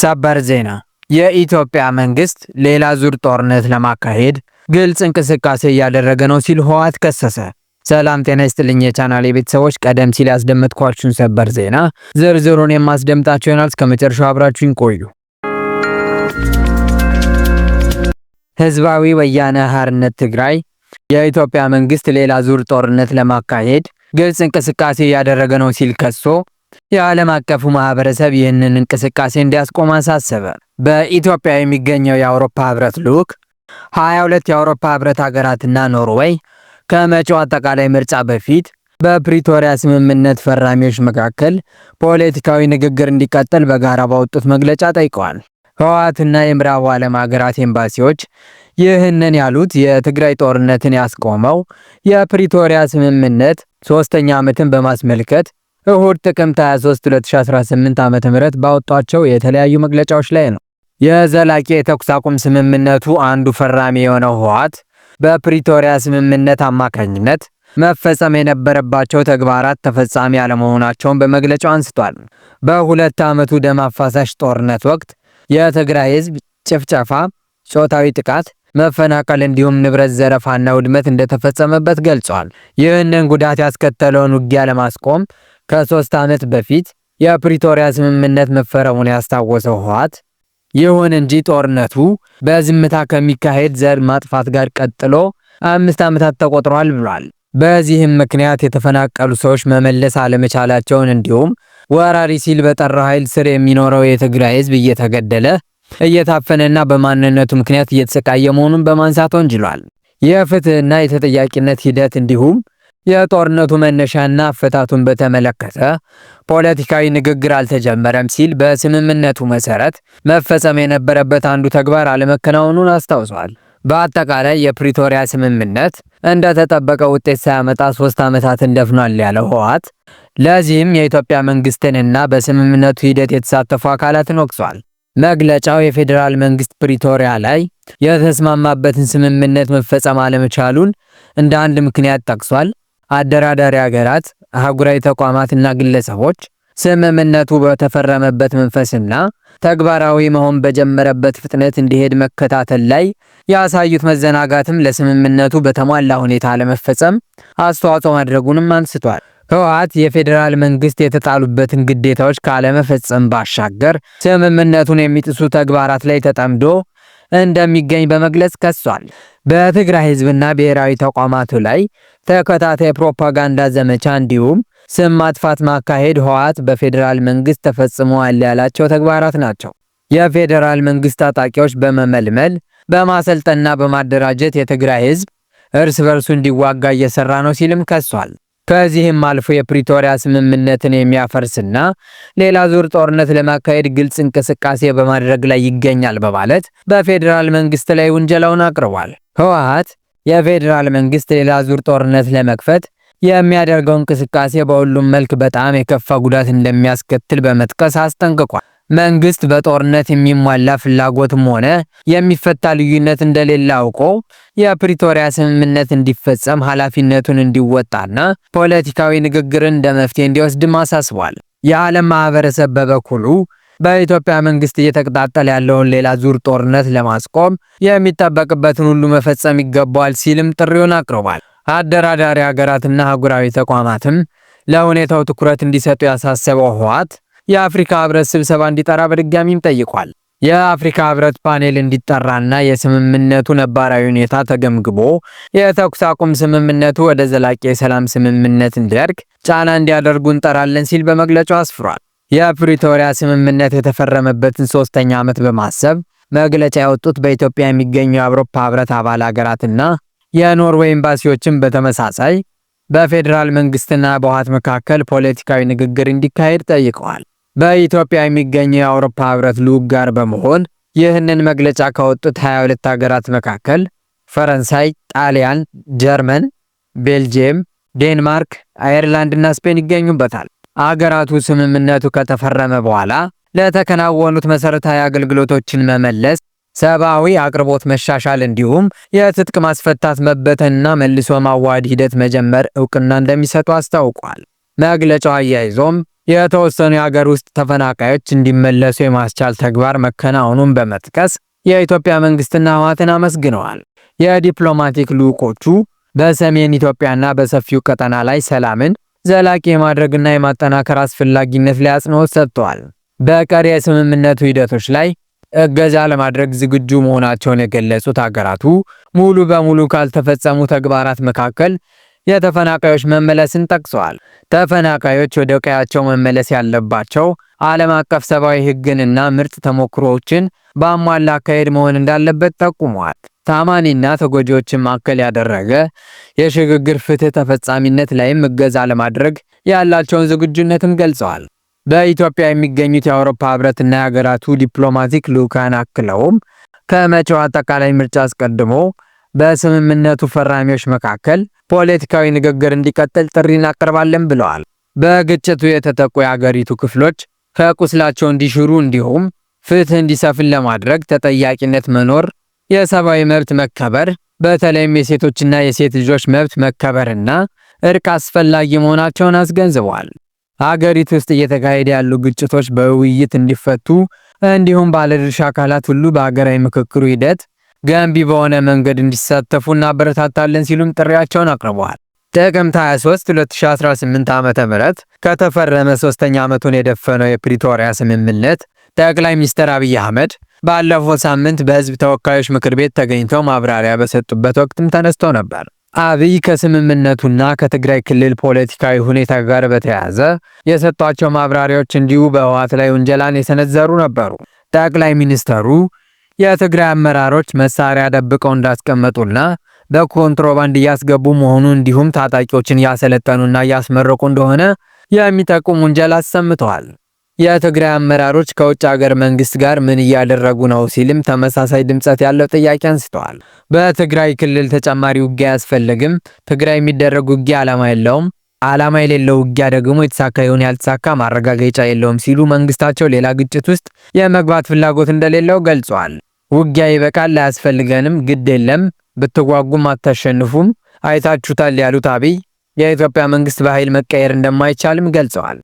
ሰበር ዜና። የኢትዮጵያ መንግስት ሌላ ዙር ጦርነት ለማካሄድ ግልጽ እንቅስቃሴ እያደረገ ነው ሲል ህወሓት ከሰሰ። ሰላም ጤና ይስጥልኝ የቻናል የቤተሰቦች፣ ቀደም ሲል ያስደመጥኳችሁን ሰበር ዜና ዝርዝሩን የማስደምጣችሁ ይሆናል። እስከ መጨረሻው አብራችሁኝ ቆዩ። ህዝባዊ ወያነ ሓርነት ትግራይ የኢትዮጵያ መንግስት ሌላ ዙር ጦርነት ለማካሄድ ግልጽ እንቅስቃሴ እያደረገ ነው ሲል ከሶ የዓለም አቀፉ ማህበረሰብ ይህንን እንቅስቃሴ እንዲያስቆም አሳሰበ። በኢትዮጵያ የሚገኘው የአውሮፓ ህብረት ልዑክ 22 የአውሮፓ ህብረት ሀገራትና ኖርዌይ ከመጪው አጠቃላይ ምርጫ በፊት በፕሪቶሪያ ስምምነት ፈራሚዎች መካከል ፖለቲካዊ ንግግር እንዲቀጠል በጋራ ባወጡት መግለጫ ጠይቀዋል። ህወሓትና የምዕራቡ ዓለም ሀገራት ኤምባሲዎች ይህንን ያሉት የትግራይ ጦርነትን ያስቆመው የፕሪቶሪያ ስምምነት ሶስተኛ ዓመትን በማስመልከት እሁድ ጥቅምት 23 2018 ዓ.ም ባወጧቸው የተለያዩ መግለጫዎች ላይ ነው። የዘላቂ የተኩስ አቁም ስምምነቱ አንዱ ፈራሚ የሆነው ህወሓት በፕሪቶሪያ ስምምነት አማካኝነት መፈጸም የነበረባቸው ተግባራት ተፈጻሚ አለመሆናቸውን በመግለጫው አንስቷል። በሁለት ዓመቱ ደም አፋሳሽ ጦርነት ወቅት የትግራይ ህዝብ ጭፍጨፋ፣ ጾታዊ ጥቃት፣ መፈናቀል እንዲሁም ንብረት ዘረፋና ውድመት እንደተፈጸመበት ገልጿል። ይህንን ጉዳት ያስከተለውን ውጊያ ለማስቆም ከሶስት ዓመት በፊት የፕሪቶሪያ ስምምነት መፈረሙን ያስታወሰው ህወሓት ይሁን እንጂ ጦርነቱ በዝምታ ከሚካሄድ ዘር ማጥፋት ጋር ቀጥሎ አምስት ዓመታት ተቆጥሯል ብሏል። በዚህም ምክንያት የተፈናቀሉ ሰዎች መመለስ አለመቻላቸውን እንዲሁም ወራሪ ሲል በጠራው ኃይል ስር የሚኖረው የትግራይ ህዝብ እየተገደለ እየታፈነና በማንነቱ ምክንያት እየተሰቃየ መሆኑን በማንሳት ወንጅሏል። የፍትህና የተጠያቂነት ሂደት እንዲሁም የጦርነቱ መነሻና አፈታቱን በተመለከተ ፖለቲካዊ ንግግር አልተጀመረም ሲል በስምምነቱ መሰረት መፈጸም የነበረበት አንዱ ተግባር አለመከናወኑን አስታውሷል። በአጠቃላይ የፕሪቶሪያ ስምምነት እንደተጠበቀ ውጤት ሳያመጣ ሶስት ዓመታትን ደፍኗል ያለው ህወሓት ለዚህም የኢትዮጵያ መንግስትንና በስምምነቱ ሂደት የተሳተፉ አካላትን ወቅሷል። መግለጫው የፌዴራል መንግስት ፕሪቶሪያ ላይ የተስማማበትን ስምምነት መፈጸም አለመቻሉን እንደ አንድ ምክንያት ጠቅሷል። አደራዳሪ ሀገራት፣ አህጉራዊ ተቋማትና ግለሰቦች ስምምነቱ በተፈረመበት መንፈስና ተግባራዊ መሆን በጀመረበት ፍጥነት እንዲሄድ መከታተል ላይ ያሳዩት መዘናጋትም ለስምምነቱ በተሟላ ሁኔታ ለመፈጸም አስተዋጽኦ ማድረጉንም አንስቷል። ህወሓት የፌዴራል መንግስት የተጣሉበትን ግዴታዎች ካለመፈጸም ባሻገር ስምምነቱን የሚጥሱ ተግባራት ላይ ተጠምዶ እንደሚገኝ በመግለጽ ከሷል። በትግራይ ህዝብና ብሔራዊ ተቋማቱ ላይ ተከታታይ ፕሮፓጋንዳ ዘመቻ እንዲሁም ስም ማጥፋት ማካሄድ ህወሓት በፌዴራል መንግስት ተፈጽመዋል ያላቸው ተግባራት ናቸው። የፌዴራል መንግስት ታጣቂዎች በመመልመል በማሰልጠና በማደራጀት የትግራይ ህዝብ እርስ በርሱ እንዲዋጋ እየሰራ ነው ሲልም ከሷል። ከዚህም አልፎ የፕሪቶሪያ ስምምነትን የሚያፈርስና ሌላ ዙር ጦርነት ለማካሄድ ግልጽ እንቅስቃሴ በማድረግ ላይ ይገኛል በማለት በፌዴራል መንግስት ላይ ውንጀላውን አቅርቧል። ህወሓት የፌዴራል መንግስት ሌላ ዙር ጦርነት ለመክፈት የሚያደርገው እንቅስቃሴ በሁሉም መልክ በጣም የከፋ ጉዳት እንደሚያስከትል በመጥቀስ አስጠንቅቋል። መንግስት በጦርነት የሚሟላ ፍላጎትም ሆነ የሚፈታ ልዩነት እንደሌለ አውቆ የፕሪቶሪያ ስምምነት እንዲፈጸም ኃላፊነቱን እንዲወጣና ፖለቲካዊ ንግግርን እንደ መፍትሄ እንዲወስድም አሳስቧል። የዓለም ማህበረሰብ በበኩሉ በኢትዮጵያ መንግስት እየተቀጣጠለ ያለውን ሌላ ዙር ጦርነት ለማስቆም የሚጠበቅበትን ሁሉ መፈጸም ይገባዋል ሲልም ጥሪውን አቅርቧል። አደራዳሪ ሀገራትና አህጉራዊ ተቋማትም ለሁኔታው ትኩረት እንዲሰጡ ያሳሰበው ህወሓት የአፍሪካ ህብረት ስብሰባ እንዲጠራ በድጋሚም ጠይቋል። የአፍሪካ ህብረት ፓኔል እንዲጠራና የስምምነቱ ነባራዊ ሁኔታ ተገምግቦ የተኩስ አቁም ስምምነቱ ወደ ዘላቂ የሰላም ስምምነት እንዲያድግ ጫና እንዲያደርጉ እንጠራለን ሲል በመግለጫው አስፍሯል። የፕሪቶሪያ ስምምነት የተፈረመበትን ሶስተኛ ዓመት በማሰብ መግለጫ ያወጡት በኢትዮጵያ የሚገኙ የአውሮፓ ህብረት አባል ሀገራትና የኖርዌይ ኤምባሲዎችን በተመሳሳይ በፌዴራል መንግስትና በውሃት መካከል ፖለቲካዊ ንግግር እንዲካሄድ ጠይቀዋል። በኢትዮጵያ የሚገኘው የአውሮፓ ህብረት ልዑክ ጋር በመሆን ይህንን መግለጫ ካወጡት 22 ሀገራት መካከል ፈረንሳይ፣ ጣሊያን፣ ጀርመን፣ ቤልጅየም፣ ዴንማርክ፣ አየርላንድ እና ስፔን ይገኙበታል። አገራቱ ስምምነቱ ከተፈረመ በኋላ ለተከናወኑት መሰረታዊ አገልግሎቶችን መመለስ፣ ሰብአዊ አቅርቦት መሻሻል እንዲሁም የትጥቅ ማስፈታት መበተንና መልሶ ማዋሃድ ሂደት መጀመር እውቅና እንደሚሰጡ አስታውቋል። መግለጫው አያይዞም የተወሰኑ የሀገር ውስጥ ተፈናቃዮች እንዲመለሱ የማስቻል ተግባር መከናወኑን በመጥቀስ የኢትዮጵያ መንግስትና ህወሓትን አመስግነዋል። የዲፕሎማቲክ ልዑኮቹ በሰሜን ኢትዮጵያና በሰፊው ቀጠና ላይ ሰላምን ዘላቂ የማድረግና የማጠናከር አስፈላጊነት ላይ አጽንኦት ሰጥተዋል። በቀሪ የስምምነቱ ሂደቶች ላይ እገዛ ለማድረግ ዝግጁ መሆናቸውን የገለጹት አገራቱ ሙሉ በሙሉ ካልተፈጸሙ ተግባራት መካከል የተፈናቃዮች መመለስን ጠቅሰዋል። ተፈናቃዮች ወደ ቀያቸው መመለስ ያለባቸው ዓለም አቀፍ ሰብአዊ ሕግንና ምርጥ ተሞክሮዎችን በአሟላ አካሄድ መሆን እንዳለበት ጠቁመዋል። ታማኒና ተጎጂዎችን ማዕከል ያደረገ የሽግግር ፍትህ ተፈጻሚነት ላይም እገዛ ለማድረግ ያላቸውን ዝግጁነትም ገልጸዋል። በኢትዮጵያ የሚገኙት የአውሮፓ ህብረትና የሀገራቱ ዲፕሎማቲክ ልዑካን አክለውም ከመጪው አጠቃላይ ምርጫ አስቀድሞ በስምምነቱ ፈራሚዎች መካከል ፖለቲካዊ ንግግር እንዲቀጥል ጥሪ እናቀርባለን ብለዋል። በግጭቱ የተጠቁ የአገሪቱ ክፍሎች ከቁስላቸው እንዲሽሩ እንዲሁም ፍትህ እንዲሰፍን ለማድረግ ተጠያቂነት መኖር፣ የሰብአዊ መብት መከበር በተለይም የሴቶችና የሴት ልጆች መብት መከበርና እርቅ አስፈላጊ መሆናቸውን አስገንዝበዋል። አገሪቱ ውስጥ እየተካሄደ ያሉ ግጭቶች በውይይት እንዲፈቱ እንዲሁም ባለድርሻ አካላት ሁሉ በሀገራዊ ምክክሩ ሂደት ገንቢ በሆነ መንገድ እንዲሳተፉ እናበረታታለን ሲሉም ጥሪያቸውን አቅርበዋል። ጥቅምት 23 2018 ም ከተፈረመ ሶስተኛ ዓመቱን የደፈነው የፕሪቶሪያ ስምምነት ጠቅላይ ሚኒስትር አብይ አህመድ ባለፈው ሳምንት በሕዝብ ተወካዮች ምክር ቤት ተገኝተው ማብራሪያ በሰጡበት ወቅትም ተነስቶ ነበር። አብይ ከስምምነቱና ከትግራይ ክልል ፖለቲካዊ ሁኔታ ጋር በተያያዘ የሰጧቸው ማብራሪያዎች እንዲሁ በህወሓት ላይ ውንጀላን የሰነዘሩ ነበሩ። ጠቅላይ ሚኒስተሩ የትግራይ አመራሮች መሳሪያ ደብቀው እንዳስቀመጡና በኮንትሮባንድ እያስገቡ መሆኑ እንዲሁም ታጣቂዎችን እያሰለጠኑና እያስመረቁ እንደሆነ የሚጠቁም ውንጀላ አሰምተዋል። የትግራይ አመራሮች ከውጭ ሀገር መንግስት ጋር ምን እያደረጉ ነው ሲልም ተመሳሳይ ድምጸት ያለው ጥያቄ አንስተዋል። በትግራይ ክልል ተጨማሪ ውጊያ አያስፈልግም፣ ትግራይ የሚደረግ ውጊያ ዓላማ የለውም፣ ዓላማ የሌለው ውጊያ ደግሞ የተሳካ ይሁን ያልተሳካ ማረጋገጫ የለውም ሲሉ መንግስታቸው ሌላ ግጭት ውስጥ የመግባት ፍላጎት እንደሌለው ገልጿል። ውጊያ ይበቃል፣ አያስፈልገንም፣ ግድ የለም፣ ብትጓጉም አታሸንፉም፣ አይታችሁታል ያሉት አብይ የኢትዮጵያ መንግስት በኃይል መቀየር እንደማይቻልም ገልጸዋል።